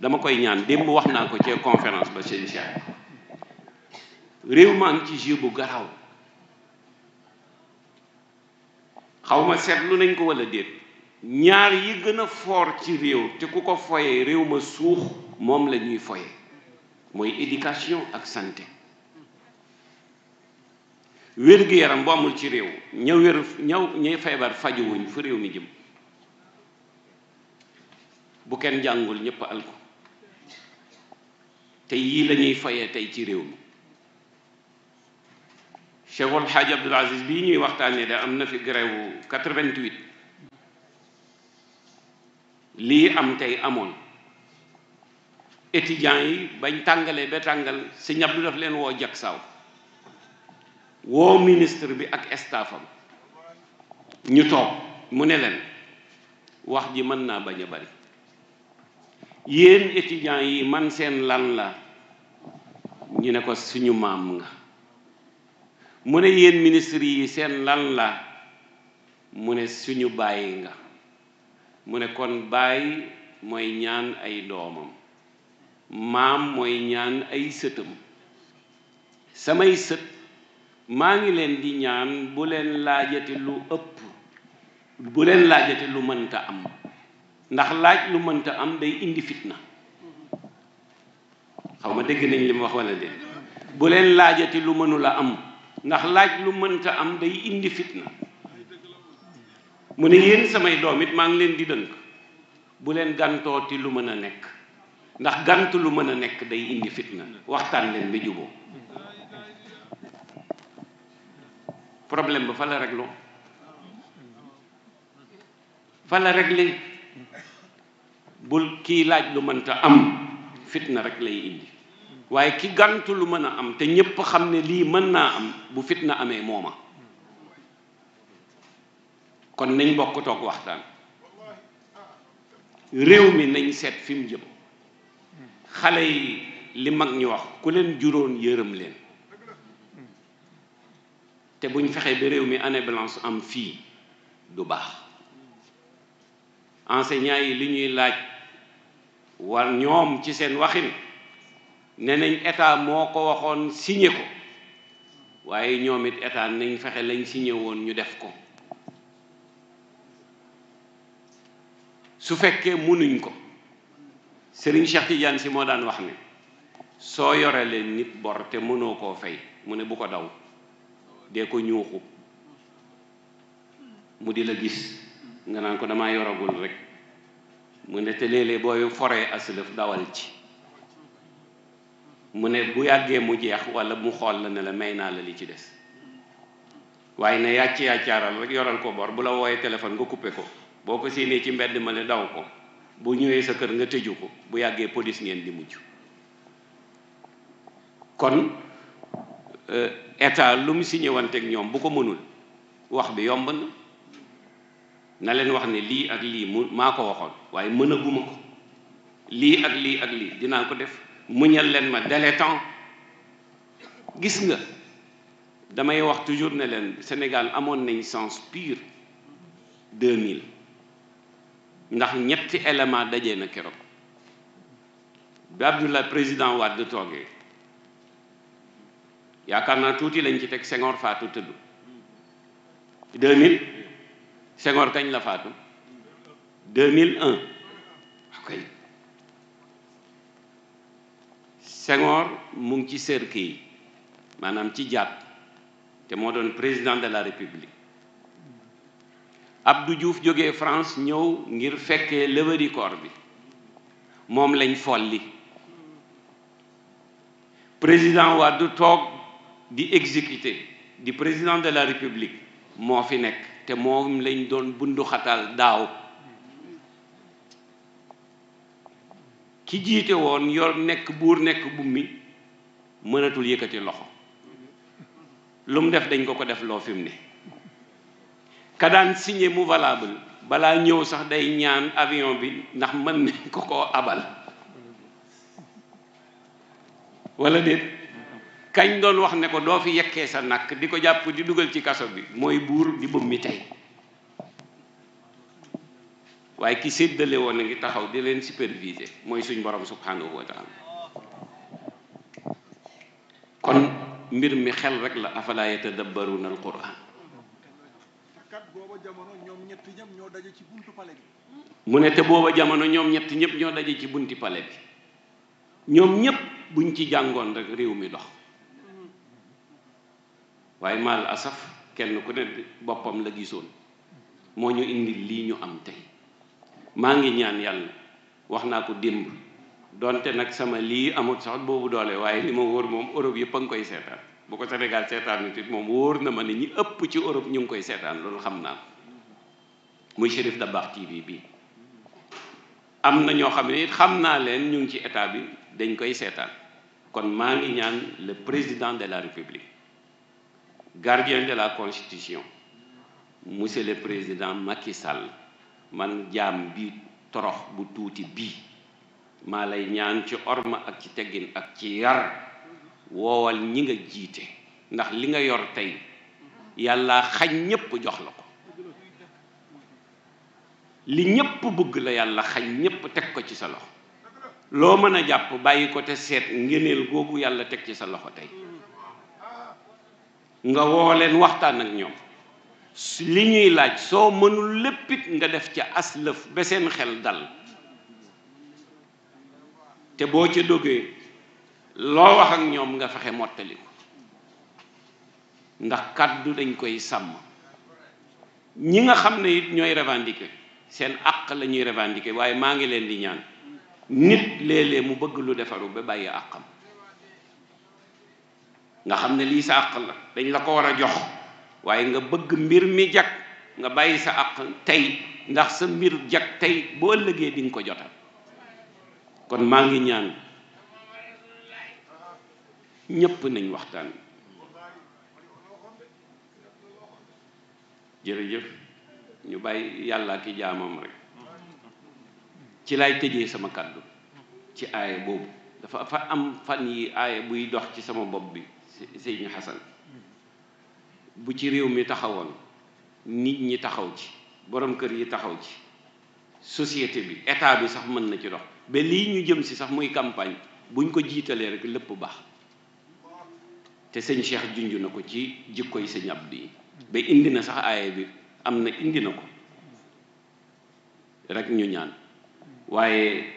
dama koy ñaan démb wax naa ko cee conférence ba seen Cheikh réew maa ngi ci jeu bu garaaw xawma ma seetlu nañ ko wala déet ñaar yi gën a foor ci réew te ku ko foyee réew ma suux moom la ñuy foyee mooy éducation ak santé wér-gu-yaram bu amul ci réew ña wér ñaw ñay feebar fajuwuñ fu réew mi jëm bu kenn jàngul ñépp alko te yii lañuy fayee tey ci réew mi Cheikhul Hadj Abdoul Aziz bii ñuy waxtaanee de am na fi grève 88 lii am tey amoon étijan yi bañ tàngalee ba tàngal si ñab lu daf leen woo jak saaw woo ministre bi ak staffam ñu toog mu ne leen wax ji mën naa bañ a bari yéen étudiants yi man seen lan la ñu ne ko suñu maam nga mu ne yéen ministre yi seen lan la mu ne suñu bàyyi nga mu ne kon bàyyi mooy ñaan ay doomam maam mooy ñaan ay sëtam samay sët maa ngi leen di ñaan bu leen laajati lu ëpp bu leen laajati lu mënta am ndax laaj lu mënta am day indi fitna xaw ma dégg nañ li mu wax wala de bu leen laajati lu mënula am ndax laaj lu mënta am day indi fitna mu ne yéen samay doom it maa ngi leen di dënk bu leen gantooti lu mën a nekk ndax gant lu mën a nekk day indi fitna waxtaan leen ba juboo problème ba fa la régloo fa la réglé bul kii laaj lu mënta am fitna rek lay indi waaye ki gantu lu mën a am te ñépp xam ne lii mën naa am bu fitna amee mooma kon nañ bokk waxtaan réew mi nañ seet fi mu jëm xale yi li mag ñi wax ku leen juróon yërëm leen te buñ fexee ba réew mi année blanche am fii du baax enseignants yi li ñuy laaj war ñoom ci seen waxin ne nañ état moo ko waxoon signé ko waaye ñoom it état nañ fexe lañ signé woon ñu def ko su fekkee mënuñ ko Serigne Cheikh Tidiane si moo daan wax ne soo yore leen nit bor te mënoo koo fay mu ne bu ko daw dee ko ñuuxu mu di la gis nga naan ko damaa yoragul rek mu ne te léeg-léeg booy foree aslëf dawal ci mu ne bu yàggee mu jeex wala mu xool la ne la may naa la li ci des waaye ne yàcc yàccaaral rek yoral ko bor bu la wooyee téléphone nga coupé ko boo ko séenee ci mbedd ma le daw ko bu ñëwee sa kër nga tëju ko bu yàggee police ngeen di mujj kon euh, état lum mu signé ñoom bu ko mënul wax bi yomb na na leen wax ne lii ak lii mu maa ko waxoon waaye mënaguma ko lii ak lii ak lii dinaa ko def muñal leen ma délai temps gis nga damay wax toujours ne leen Sénégal amoon nañ sens pire 2000 ndax ñetti élément daje na keroog bi Abdoulaye président Wade toogee yaakaar naa tuuti lañ ci teg Senghor faatu tëdd 2000 Senghor kañ la faatu 2001 ok Senghor mu ngi ci cercle yi maanaam ci jàpp te moo doon président de la république Abdou Diouf jóge France ñëw ngir fekkee levée corps bi moom lañ folli président du toog di exécuter di président de la république moo fi nekk te moom lañ doon bunduxatal daaw ki jiite woon yor nekk buur nekk bu mi mënatul yëkkati loxo lu mu def dañ ko ko def loo fim mu ne ka daan mu valable balaa ñëw sax day ñaan avion bi ndax mën nañ ko ko abal wala déet kañ doon wax ne ko doo fi yekkee sa nakk di ko jàpp di dugal ci kaso bi mooy buur di bëmmi tey waaye ki séddale woon a ngi taxaw di leen superviser mooy suñ borom subhanahu wa taala kon mbir mi xel rek la afala yatadabbaruna alquran mu ne te booba jamono ñoom ñett ñëpp ñoo daje ci bunti pale bi ñoom ñëpp buñ ci jàngoon rek réew mi dox waaye maal asaf kenn ku ne boppam la gisoon moo ñu indi lii ñu am tey maa ngi ñaan yàlla wax naa ko démb donte nag sama lii amut sax boobu doole waaye li ma wóor moom Europe yëpp a ngi koy seetaan bu ko Sénégal seetaan nit moom wóor na ma ne ñi ëpp ci Europe ñu ngi koy seetaan loolu xam naa muy Chérif Dabakh TV bi am na ñoo xam ne xam naa leen ñu ngi ci état bi dañ koy seetaan kon maa ngi ñaan le président de la république gardien de la constitution monsieur le président Macky Sall man jaam bi torox bu tuuti bii maa lay ñaan ci orma ak ci teggin ak ci yar woowal ñi nga jiite ndax li nga yor tey yàlla xañ ñépp jox la ko li ñépp bëgg la yàlla xañ ñépp teg ko ci sa loxo loo mën a jàpp bàyyi ko te seet ngéneel googu yàlla teg ci sa loxo tey nga woo leen waxtaan ak ñoom li ñuy laaj soo mënul léppit nga def ca aslëf ba seen xel dal te boo ca dogee loo wax ak ñoom nga fexe mottali ko ndax kàddu dañ koy sàmm ñi nga xam ne it ñooy revendiquer seen àq lañuy ñuy waaye maa ngi leen di ñaan nit léeg-léeg mu bëgg lu defaru ba bàyyi àqam nga xam ne lii sa àq la dañ la ko war a jox waaye nga bëgg mbir mi jag nga bàyyi sa àq tey ndax sa mbir jag tey boo ëllëgee di ko jotal kon maa ngi ñaan ñépp nañ waxtaan jërëjëf ñu bàyyi yàllaa ki jaamam rek ci lay tëjee sama kàddu ci aaya boobu dafa fa am fan yi aaya buy dox ci sama bopp bi Seyni Xasan bu ci réew mi taxawoon nit ñi taxaw ci boroom kër yi taxaw ci société bi état bi sax mën na ci dox ba lii ñu jëm si sax muy campagne buñ ko jiitalee rek lépp baax te sëñ Cheikh junju na ko ci jikkoy sëñ Abdu yi ba indi na sax aaya bi am na indi na ko rek ñu ñaan waaye